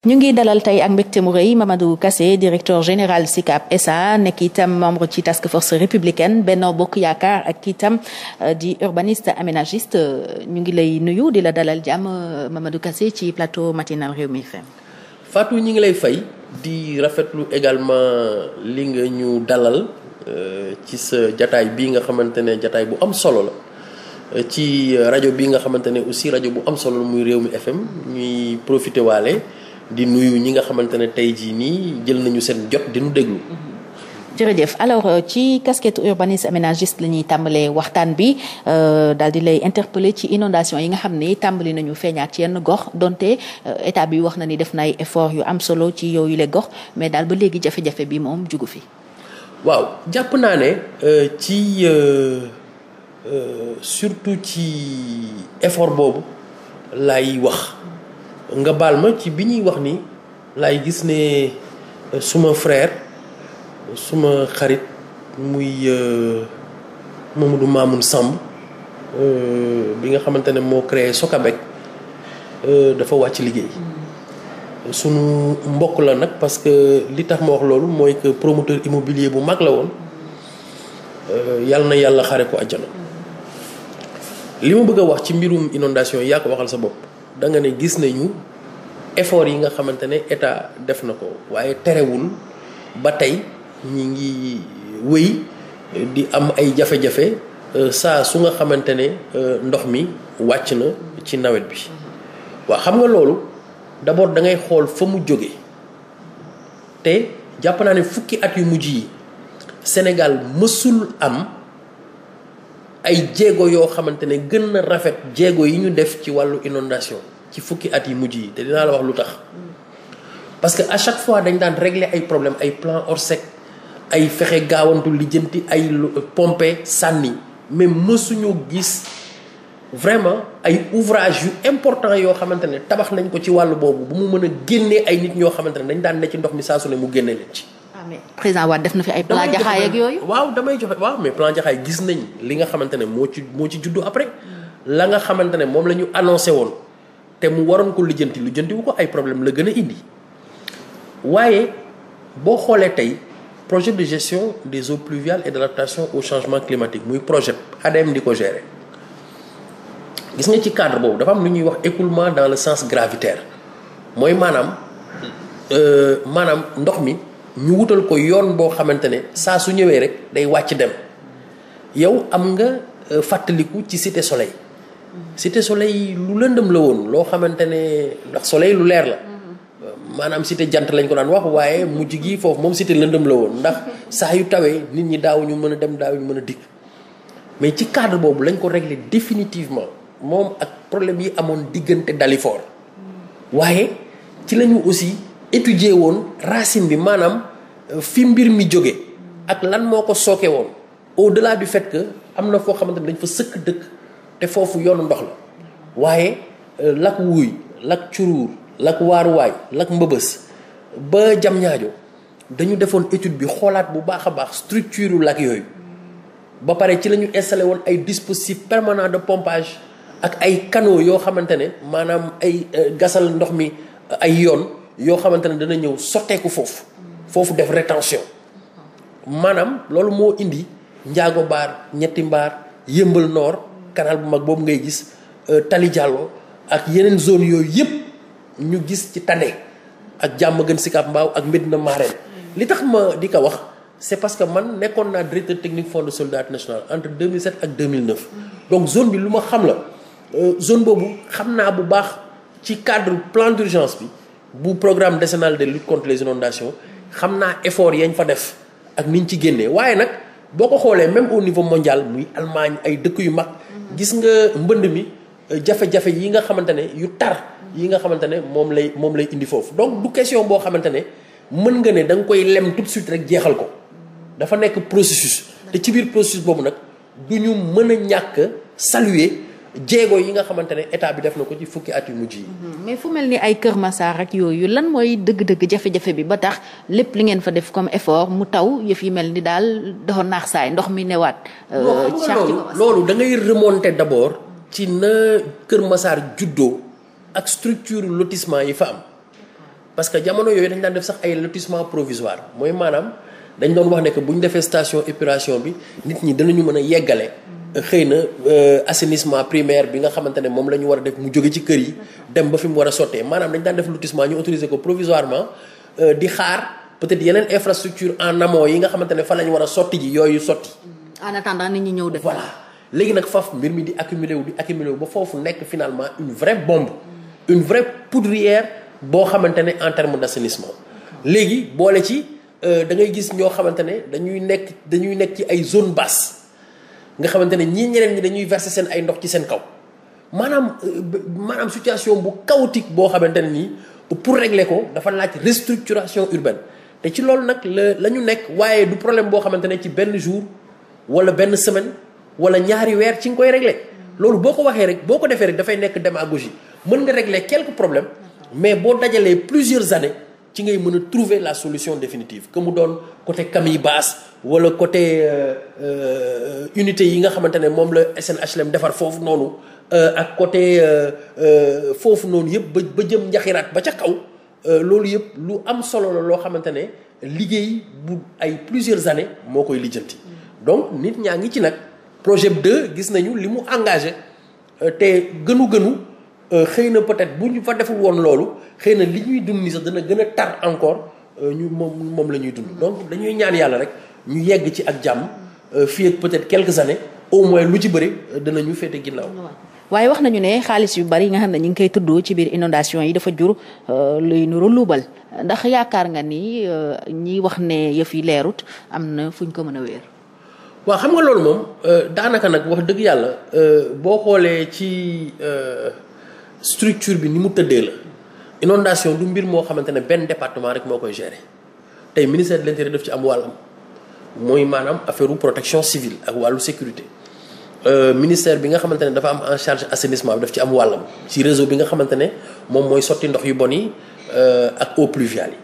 ñu ngi dalal tey ak mbégte mu rëy Mamadou Kassé directeur général SICAP SA nekk itam membre ci task force républicaine Benno Bokk Yaakaar ak itam euh, di urbaniste aménagiste euh, ñu ngi lay nuyu di la dalal jàmm euh, Mamadou Kassé ci plateau matinal Rewmi FM. Fatou ñu ngi lay fay di rafetlu également li nga ñu dalal ci sa jataay bii nga xamante ne jataay bu am solo la. ci rajo bii nga xamante ne aussi rajo bu am solo la muy réew mi FM ñuy profité waale. di nuyu ñi nga xamante ne tey jii nii jël nañu seen jot di nu déglu. jërëjëf alors euh, ci casquette urbaniste aménagiste la ñuy tàmbalee waxtaan bi euh, daal di lay interpeller ci inondation yi nga xam ni tàmbali nañu feeñaat ci yenn gox donte euh, état bi wax na ni def na ay effort yu am solo ci yow yu le gox mais daal ba léegi jafe-jafe bi moom jugu fi. waaw jàpp naa ne ci surtout ci effort boobu lay wax. nga baal ma ci bi ñuy wax ni laay gis ne euh, suma frère suma xarit muy euh, Mamadou Mamoun Samb euh, bi nga xamante ne moo créé Socabek dafa wàcc liggéey sunu mbokk la nag parce que li tax ma wax loolu mooy que promoteur immobilier bu mag la woon yàlla na yàlla xare ko àjjana li mu bëgg a wax ci mbirum inondation yaa ko waxal sa bopp da ne gis nañu effort yi nga xamante ne état def na ko waaye terewul ba tey ñi ngi wéy di am ay jafe-jafe euh, saa su nga xamante ne euh, ndox mi wàcc na ci nawet bi waaw xam nga loolu d'abord da ngay xool fa mu jóge te jàpp naa ne fukki at yu mujj yi Sénégal mësul am ay jéego yoo xamante ne gën na rafet jéego yi ñu def ci wàllu inondation ci fukki at yi mujj yi te dinaa la wax lu tax parce que à chaque fois dañ daan régler ay problème ay plan Orsec ay fexe gaawantu lijjanti ay euh, pompe sànni mais mësuñu gis vraiment ay ouvrage yu important yoo xamante ne tabax nañ ko ci wàllu boobu bu mu mën a génnee ay nit ñoo xamante ne dañ daan ne ci ndox mi saa su ne mu génne leen ci. ah mais président Wade def na fi ay plan jaxaay ak yooyu. waaw damay joxe waaw mais plan jaxaay gis nañ li nga xamante ne moo ci moo ci juddu après la nga xamante ne moom la ñu annoncé woon. te mu waroon ko lijjanti lu wu ko ay problème la gën a indi waaye boo xoolee tey projet de gestion des eaux pluviales et de au changement climatique muy projet ADM di ko gérer gis nga ci cadre boobu dafa am lu ñuy wax écoulement dans le sens gravitaire mooy maanaam euh, maanaam ndox mi ñu wutal ko yoon boo xamante ne saa su ñëwee rek day wàcc dem yow am nga euh, fàttaliku ci Cité Soleil cité soleil lu lëndëm la woon loo xamante ne ndax soleil lu leer la. maanaam cité jant lañ ko daan wax waaye mujj gi foofu moom cité lëndëm la woon ndax saa yu tawee nit ñi ñu mën a dem daawuñu mën a dikk. mais ci cadre boobu lañ ko réglé définitivement moom ak problème yi amoon diggante Dalifort waaye ci la aussi étudier woon racine bi maanaam euh, fi mbir mi jóge ak lan moo ko sooke woon au delà du fait que am na foo xamante ne dañ fa sëkk dëkk. te foofu yoonu ndox la waaye euh, lak wuuy lak curuur lak waaruwaay lak mbëbës ba jam ñaajo dañu defoon étude bi xoolaat bu baax a baax structure lak yooyu ba pare ci la ñu installé woon ay dispositif permanent de pompage ak ay kano yoo xamante ne maanaam ay euh, gasal ndox mi euh, ay yoon yoo xamante ne dana ñëw sotteeku foofu foofu def rétention maanaam loolu moo indi njaago baar ñetti mbaar yëmbal noor canal bu mag boobu ngay gis euh, Tali Diallo ak yeneen zone yooyu yëpp ñu gis ci tane ak jàmm gën Sicap Mbao ak Medina Marème li tax ma di ko wax c'est parce que man nekkoon naa directeur technique Fonds de solidarité nationale entre 2007 ak 2009 donc zone bi lu ma xam la euh, zone boobu xam naa bu baax ci cadre plan d'urgence bi bu programme décennal de lutte contre les inondations xam naa effort yañ fa def ak niñ ci génnee waaye nag boo ko xoolee même au niveau mondial muy Allemagne ay dëkk yu mag. gis nga mbënd mi euh, jafe-jafe yi nga xamante ne yu tar yi nga xamante ne moom lay moom lay indi foofu donc du question boo xamante ne mën nga ne danga koy lem tout suite rek jeexal ko dafa nekk processus. te ci biir processus boobu nag du ñu mën a ñàkk saluer. jéego yi nga xamante ne état bi def na ko ci fukki at yu mujj yi. Mhm. mais fu mel ni ay Kër Massar ak yooyu lan mooy dëgg-dëgg jafe-jafe bi ba tax lépp li ngeen fa def comme effort mu taw yëf yi mel ni daal dafa naax saay ndox mi newaat. Euh, loolu da ngay remonter d'abord ci Kër Massar juddoo ak structure lotissement yi fa am parce que jamono yooyu dañ daan def sax ay lotissement provisoire mooy maanaam dañ doon wax nekk bu ñu defee station épuration bi nit ñi danañu mën a yeggale. xëy na euh, assainissement primaire bi nga xamante ne moom la ñu war a def mu jóge ci kër yi dem ba fi mu war a sottee maanaam dañ daan def lotissement ñu autoriser ko provisoirement euh, di xaar peut-être yeneen infrastructure en amont yi nga xamante ne fa la war a sotti ji yooyu sotti. Mm. en attendant nit ñi ñëw def. voilà léegi nag faf mbir mi di accumulé wu di accumulé wu ba foofu nekk finalement une vraie bombe mm. une vraie poudrière boo xamante ne en terme d'assainissement léegi boole ci euh, da ngay gis ñoo xamante ne dañuy nekk dañuy nekk ci ay zone basse nga xamante ne ñii ñeneen ñi dañuy verser seen ay ndox ci seen kaw maanaam euh, maanaam situation bu chaotique boo xamante ne nii pour régler ko dafa laaj restructuration urbaine te ci loolu nag la la ñu nekk waaye du problème boo xamante ne ci benn jour wala benn semaine wala ñaari weer ci nga koy régler loolu boo ko waxee rek boo ko defee rek dafay nekk dem démagogie mën nga régler quelques problème mais boo dajalee plusieurs années ci ngay mën a trouver la solution définitive que mu doon côté Camille Basse wala côté euh, euh, unité yi nga xamante ne moom la SNHLM defar foofu noonu euh, ak côté foofu noonu yëpp ba ba jëm njaxiraat ba ca kaw loolu yëpp lu am solo la loo xamante ne liggéey bu ay plusieurs années moo koy lijjanti. donc nit ñaa ngi ci nag projet 2 gis nañu li mu engagé te gënu gënu. Euh, xëy na peut bu ñu fa deful woon loolu xëy na li ñuy dund ni sax dana gën a tar encore euh, ñu moom moom la ñuy dund donc dañuy ñaan yàlla rek ñu yegg ci ak jàmm euh, fii ak peut-être quelques années au moins lu ci bëri danañu féete ginnaaw. waaye wax nañu ne xaalis yu bari yi nga xam ne ñu ngi koy tudd ci biir inondation yi dafa jur luy nuru luubal ndax yaakaar nga ni ñi wax ne yëf yi leerut am na fu ñu ko mën a wéer. waaw xam nga loolu moom daanaka nag wax dëgg yàlla boo xoolee ci. structure bi ni mu tëddee la inondation du mbir moo xamante ne benn département rek moo koy gérer tey ministère de l'intérieur ci am wàllam mooy maanaam affaire protection civile ak wàllu sécurité euh, ministère bi nga xamante ne dafa am en charge assainissement bi daf ci am wàllam ci réseau bi nga xamante ne moom mooy sotti ndox yu bon yi euh, ak eaux pluviales yi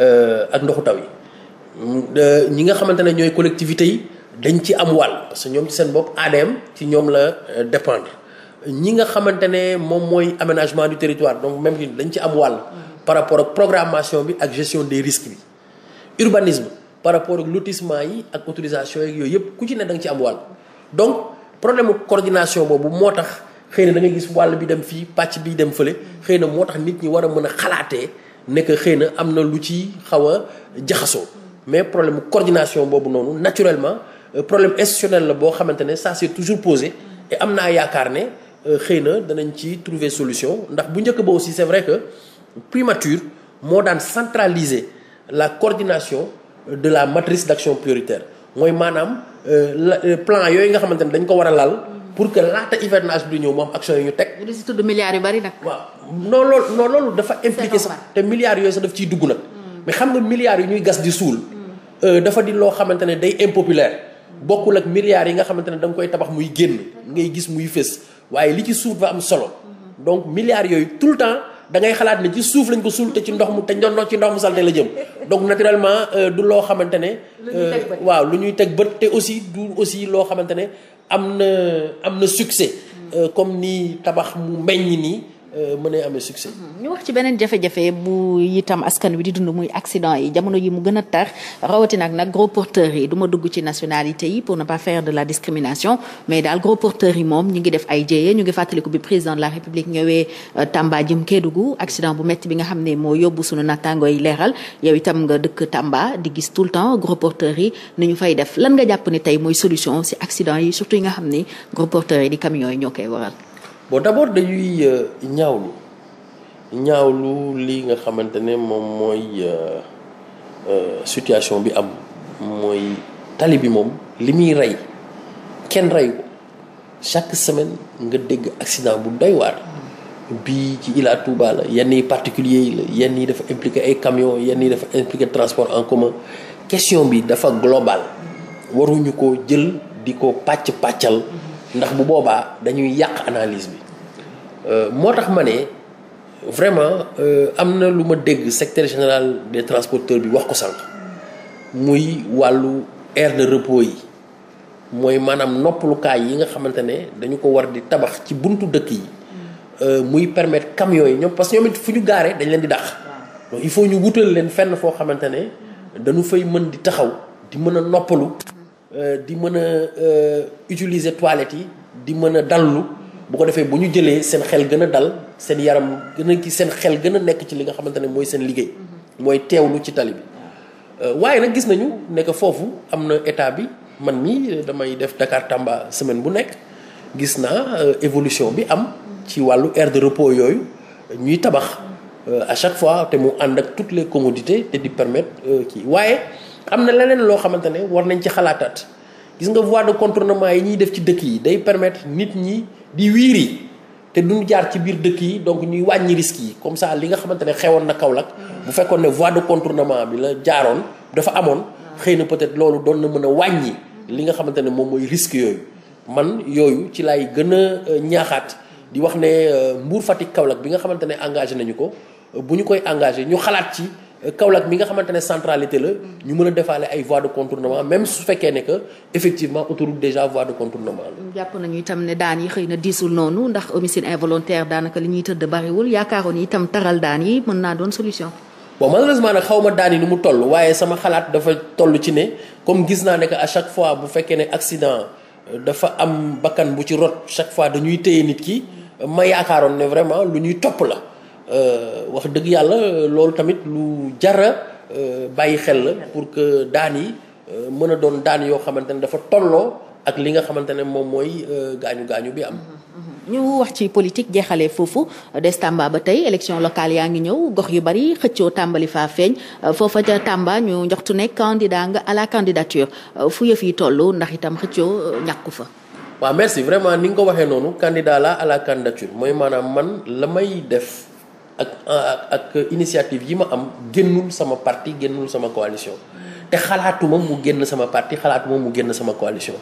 euh, ak ndoxu taw yi ñi nga xamante ne ñooy collectivités yi dañ ci am wàll parce que ñoom ci seen bopp ADM ci ñoom la dépende ñi nga xamante ne moom mooy aménagement du territoire donc même dañ ci am wàll. par rapport ak programmation bi ak gestion des risques bi urbanisme par rapport ak lotissement yi ak autorisation yeeg yooyu yëpp ku ci ne da ci am wàll. donc problème coordination boobu moo tax xëy na da gis wàll bi dem fii pàcc bi dem fële xëy na moo tax nit ñi war a mën a xalaatee ne que xëy na am na lu ci xaw a jaxasoo mais problème coordination boobu noonu naturellement euh, problème institutionnel la boo xamante ne ça s'est toujours posé am naa yaakaar ne. xëy na danañ ci trouver solution ndax bu njëkk ba aussi c'est vrai que primature moo daan centraliser la coordination de la matrice d'action prioritaire mooy maanaam euh, euh, plan yooyu nga xamante ne dañ ko war a lal pour que laata hivernage bi ñëw moom action yi ñu teg. li si tudd milliards yu bari nag. waaw non loolu non loolu dafa impliqué sax te milliards yooyu sax daf ciy dugg nag. Mm. mais xam nga milliards yu ñuy gas di suul. Euh, dafa di loo xamante ne day impopulaire bokkul ak milliards yi nga xamante ne da koy tabax muy génn ngay gis muy fés. waaye li ci suuf ba am solo donc milliards yooyu tout le temps da ngay xalaat ne ci suuf lañ ko suul te ci ndox mu te ndox ci ndox mu salte la jëm donc naturellement euh, du loo xamante ne euh, waaw lu ñuy teg bët te aussi du aussi loo xamante ne am na am na succès euh, comme nii tabax mu meññ nii Euh, mënee amee succès. ñu wax ci beneen jafe-jafe bu itam askan wi di dund muy accident yi jamono yi mu gën a tar rawatina ak nag gros porteurs yi du ma dugg ci nationalité yi pour ne pas faire de la discrimination mais daal gros porteurs yi moom ñu ngi def ay jéyee ñu ngi fàttaliku bi président de la république ñëwee euh, Tamba jëm Kédougou accident bu métti bi nga xam ne moo yóbbu sunu nattaango yi leeral yow itam nga dëkk Tamba di gis tout le temps gros porteurs yi ni ñu fay def lan nga jàpp ne tey mooy solution si accident yi surtout yi nga xam ne gros porteurs yi di camions ñoo koy waral. bon d'abord dañuy euh, ñaawlu ñaawlu li nga xamante ne moom mooy euh, euh, situation bi am mooy tali bi moom li muy rey kenn rey ko chaque semaine nga dégg accident bu doy waat bi ci Ila Touba la yenn yi particulier yi la yenn yi dafa impliqué ay camions yenn yi dafa impliqué transport en commun question bi dafa global waruñu ko jël di ko pàcc pàccal ndax bu boobaa dañuy yàq analyse bi euh, moo tax ma ne vraiment euh, am na lu ma dégg secteur général des transporteurs bi wax ko sànq muy wàllu air de repos yi mooy maanaam noppalukaay yi nga xamante ne dañu ko war di tabax ci buntu dëkk yi euh, muy permettre camions yi ñoom parce que ñoom it fu ñu gaaree dañ leen di dax donc il faut ñu wutal leen fenn foo xamante ne dañu fay mën di taxaw di mën a noppalu Euh, di mën a euh, utiliser toilettes yi di mën a dallu bu ko defee bu ñu jëlee seen xel gën a dal seen yaram gën a ki seen xel gën a nekk ci li nga xamante ne mooy seen liggéey mhm. mooy teewlu ci tali bi euh, waaye nag gis nañu ne que foofu am na état bi man mii damay def Dakar Tamba semaine bu nekk gis naa évolution bi am ci wàllu aire de repos yooyu ñuy tabax à chaque fois te mu ànd ak toutes les commodités te di permettre kii waaye am na leneen loo xamante ne war nañ ci xalaataat gis nga voie de contournement yi ñuy def ci dëkk yi day permettre nit ñi di wiiri te duñ jaar ci biir dëkk yi donc ñuy wàññi risques yi comme ça li nga xamante ne xewoon na Kaolack bu fekkoon ne voie de contournement bi la jaaroon dafa amoon xëy na peut-être loolu doon na mën a wàññi li nga xamante ne moom mooy risque yooyu man yooyu ci laay gën a euh, ñaaxaat di wax ne euh, Mbour Fatick Kaolack bi nga xamante ne engagé nañu ko bu ñu koy engagé ñu xalaat ci Kaolack mi nga xamante ne centralité la ñu mën a defaale ay voies de contournement même su fekkee ne que effectivement autoroute déjà voie de contournement la. jàpp itam ne daan yi xëy na diisul noonu ndax homicide involontaire daanaka li ñuy tëdd bariwul yaakaaroon itam taral daan yi mën naa doon solution. bon malheureusement nag xaw ma daan yi mu toll waaye sama xalaat dafa toll ci ne comme gis ne que à fois bu fekkee ne accident euh, dafa am bakkan bu ci rot chaque fois dañuy téye nit ki ma yaakaaroon ne vraiment lu ñuy topp la. Euh, wax dëgg yàlla loolu tamit lu jara euh, bàyyi xel la pour que daan yi euh, mën a doon daan yoo xamante ne dafa tolloo ak li nga xamante ne moom mooy gaañu gaañu bi am. ñu wax ci politique jeexalee foofu des Tamba ba tey élection locale yaa ngi ñëw gox yu bari xëccoo tàmbali faa feeñ foofa ca Tamba ñu njoxtu ne candidat nga à la candidature fu yëf yi toll ndax itam xëccoo ñàkku fa. waaw merci vraiment ni nga ko waxee noonu candidat la à la candidature mooy maanaam man la may def. ak ak initiative yi ma am génnul sama parti génnul sama coalition te xalaatuma mu génn sama parti xalaatuma mu génn sama coalition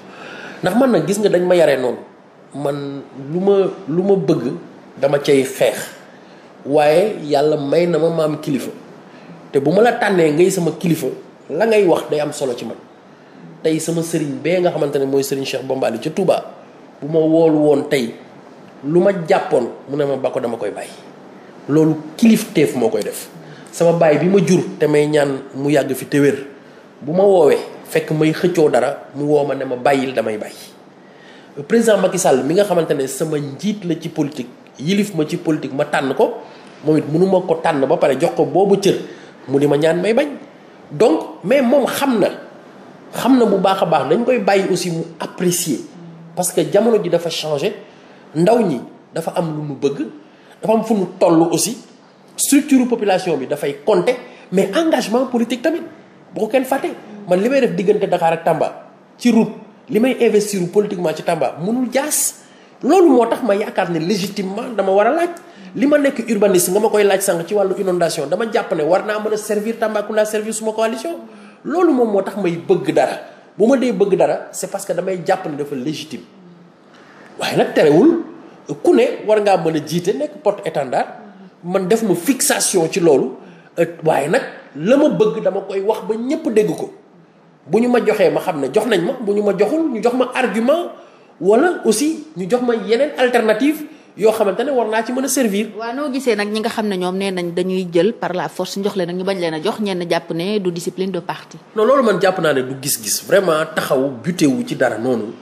ndax man na gis nga dañ ma yaree noonu man lu ma lu ma bëgg dama cay xeex waaye yàlla may na ma maam kilifa te bu ma la tànnee ngay sama kilifa la ngay wax day am solo ci man tey sama sëriñ bee nga xamante ne mooy sëriñ Cheikh Bombali ca Touba bu ma woolu woon tey lu ma jàppoon mu ne ma ba dama koy bàyyi loolu kilifteef moo koy def sama baay bi ma jur te may ñaan mu yàgg fi te bu ma woowee fekk may xëccoo dara mu woow ma ne ma bàyyil damay bàyyi président Macky Sall mi nga xamante ne sama njiit la ci politique yilif ma ci politique ma tànn ko moom it mënuma ko tànn ba pare jox ko boobu cër mu di ma ñaan may bañ donc mais moom xam na xam na bu baax a baax dañ koy bàyyi aussi mu apprécier parce que jamono ji dafa changé ndaw ñi dafa am lu mu bëgg dafa am fu nu toll aussi structure population bi dafay compter mais engagement politique tamit bu ko kenn fàtte man li may def diggante Dakar ak Tamba ci route li may investir politiquement ci Tamba mënul jaas loolu moo tax ma yaakaar ne légitimement dama war a laaj li ma nekk urbaniste nga ma koy laaj sànq ci wàllu inondation dama jàpp ne war naa mën a servir Tambacounda servir suma coalition loolu moom moo tax may bëgg dara bu ma dee bëgg dara c'est parce que damay jàpp dafa légitime waaye nag terewul ku ne war ngaa mën a jiite nekk porte étendard man def ma fixation ci loolu euh, waaye nag la ma bëgg dama koy wax ba ñëpp dégg ko bu ñu ma joxee ma xam ne jox nañ ma bu ñu ma joxul ñu jox ma argument wala aussi ñu jox ma yeneen alternative yoo xamante ne war naa ci mën a servir. waa noo gisee nag ñi nga xam ne ñoom nee dañuy jël par la force njox leen ñu bañ leen a jox ñenn jàpp ne du discipline de parti. non loolu man jàpp naa ne du gis-gis vraiment taxaw buté ci dara noonu.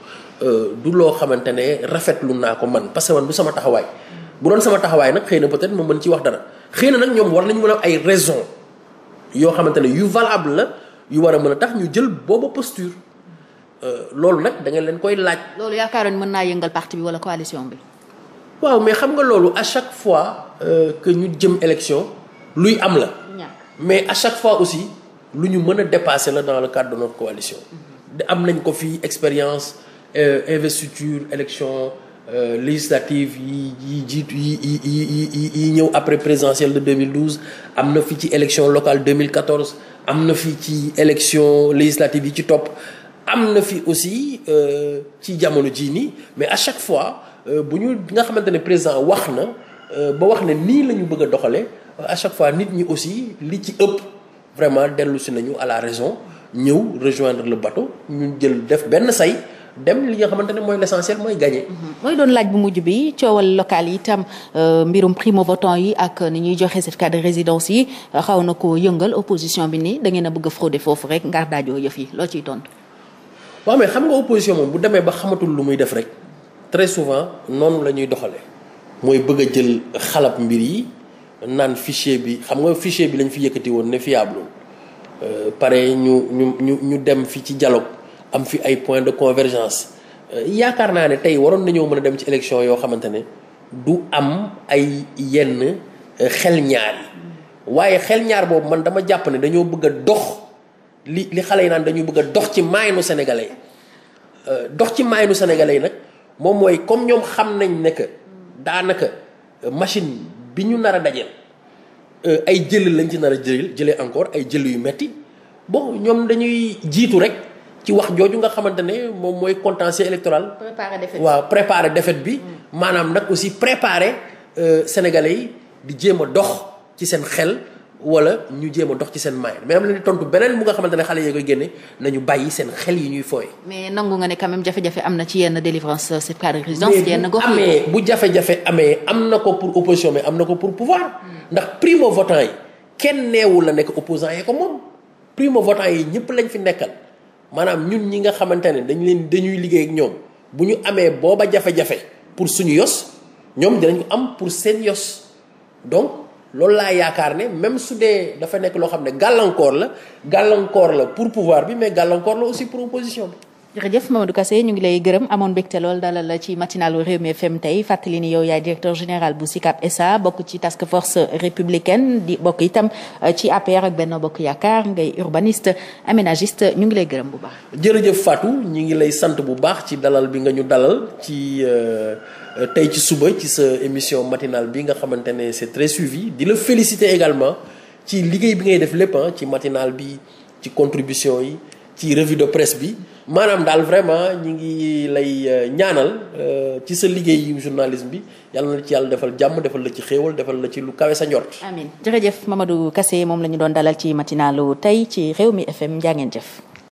Euh, du loo xamante ne lu naa ko man parce que man du sama taxawaay. bu doon sama taxawaay nag xëy na peut-être ma mën ci wax dara xëy na nag ñoom war nañu mën a ay raison yoo xamante ne yu valable la yu war a mën a tax ñu jël booba posture euh, loolu nag da leen koy laaj. loolu yaakaar yaakaaroon mën naa yëngal parti bi wala coalition bi. waaw mais xam nga loolu à chaque fois euh, que ñu jëm élection luy am la. mais à chaque fois aussi lu ñu mën a dépasser la dans le cadre de notre mm-hmm. am nañ ko fii expérience. Euh, investiture élection euh, législative yi yi jiitu yi yi yi yi ñëw après présidentielle de 2012 am na fi ci élection locale 2014 am na fi ci élection législative yi ci topp am na fi aussi euh, ci jamono jii nii mais à chaque fois bu ñu nga xamante ne président wax na ba wax ne nii la ñu bëgg a doxalee à chaque fois nit ñi aussi li ci ëpp vraiment dellu si nañu à la raison ñëw rejoindre le bateau ñu jël def benn say. dem li nga xamante ne mooy l'essentiel mooy gagné. Mhm. mooy doon laaj bu mujj bi coowal local yi itam euh, mbirum primo votant yi ak ni ñuy joxe certificat de résidence yi xaw na ko yëngal opposition bi nii da ngeen a bëgg a frauder foofu rek ngaar daajoo yëf yi loo ciy tontu. waaw mais xam nga opposition moom bu demee ba xamatul lu muy def rek très souvent noonu la ñuy doxalee. mooy bëgg a jël xalab mbir yi naan fichier bi xam nga fichier bi lañ fi yëkkati woon ne fiable euh, par ñu ñu ñu ñu dem fi ci dialogue. am fi ay points de convergence euh, yaakaar naa ne tey waroon nañoo mën a dem ci élection yoo xamante ne du am ay yenn euh, xel ñaar yi waaye xel ñaar boobu man dama jàpp ne dañoo bëgg dox li li xale yi naan dañu bëgg dox ci maayanu sénégalais euh, dox ci maayanu sénégalais yi nag moom mooy comme ñoom xam nañ ne que daanaka machine bi ñu nar a dajeel ay jël lañ ci nar a jël jëlee encore ay jël yu metti bon ñoom dañuy jiitu rek. ci wax jooju nga xamante ne moom mooy contentieux électoral. préparer défaite waaw préparer défaite bi. Mm. maanaam nag aussi préparer euh, sénégalais yi di jéem a dox ci seen xel wala ñu jéem a dox ci seen maay mais am leen tontu beneen mu nga xamante ne xale yee koy génne nañu bàyyi seen xel yi ñuy fooy. mais nangu nga ne quand même jafe-jafe am na ci yenn délivrance euh, c'est cadre résidence yenn gox amee bu jafe-jafe amee am na ko pour opposition mais am na ko pour pouvoir. Mm. ndax primo votant kenn neewul la nekk opposant yee ko moom primo votant yi ñëpp lañ fi nekkal. maanaam ñun ñi nga xamante ne dañ leen dañuy liggéey ak ñoom bu ñu amee booba jafe-jafe pour suñu yos ñoom dañu am pour seen yos donc loolu laa yaakaar ne même su dee dafa nekk loo xam ne gàllankoor la gàllankoor la pour pouvoir bi mais gàllankoor la aussi pour opposition bi jërëjëf Mamadou Kassé ñu ngi lay gërëm amoon mbégte lool dalal la ci matinalu Rewmi FM tey fàttali ni yow yaay directeur général bu SICAP SA bokk ci task force républicaine di bokk itam euh, ci APR ak benn Bokk Yaakaar ngay urbaniste aménagiste ñu ngi lay gërëm bu baax. jërëjëf Fatou ñu ngi lay sant bu baax ci dalal bi nga ñu dalal ci euh, euh, tey ci suba ci sa émission matinale bi nga xamante ne c'est très suivi di la féliciter également ci liggéey bi ngay def lépp ci matinale bi ci contribution yi. ci revue de presse bi maanaam daal vraiment ñi ngi lay euh, ñaanal euh, ci sa liggéeyu journalisme bi yàlla na ci yàlla defal jàmm defal la ci xéewal defal la ci lu kawe sa njort. amiin jërëjëf Mamadou Kassé moom la ñu doon dalal ci matinalu tey ci mi FM jaa ngeen jëf.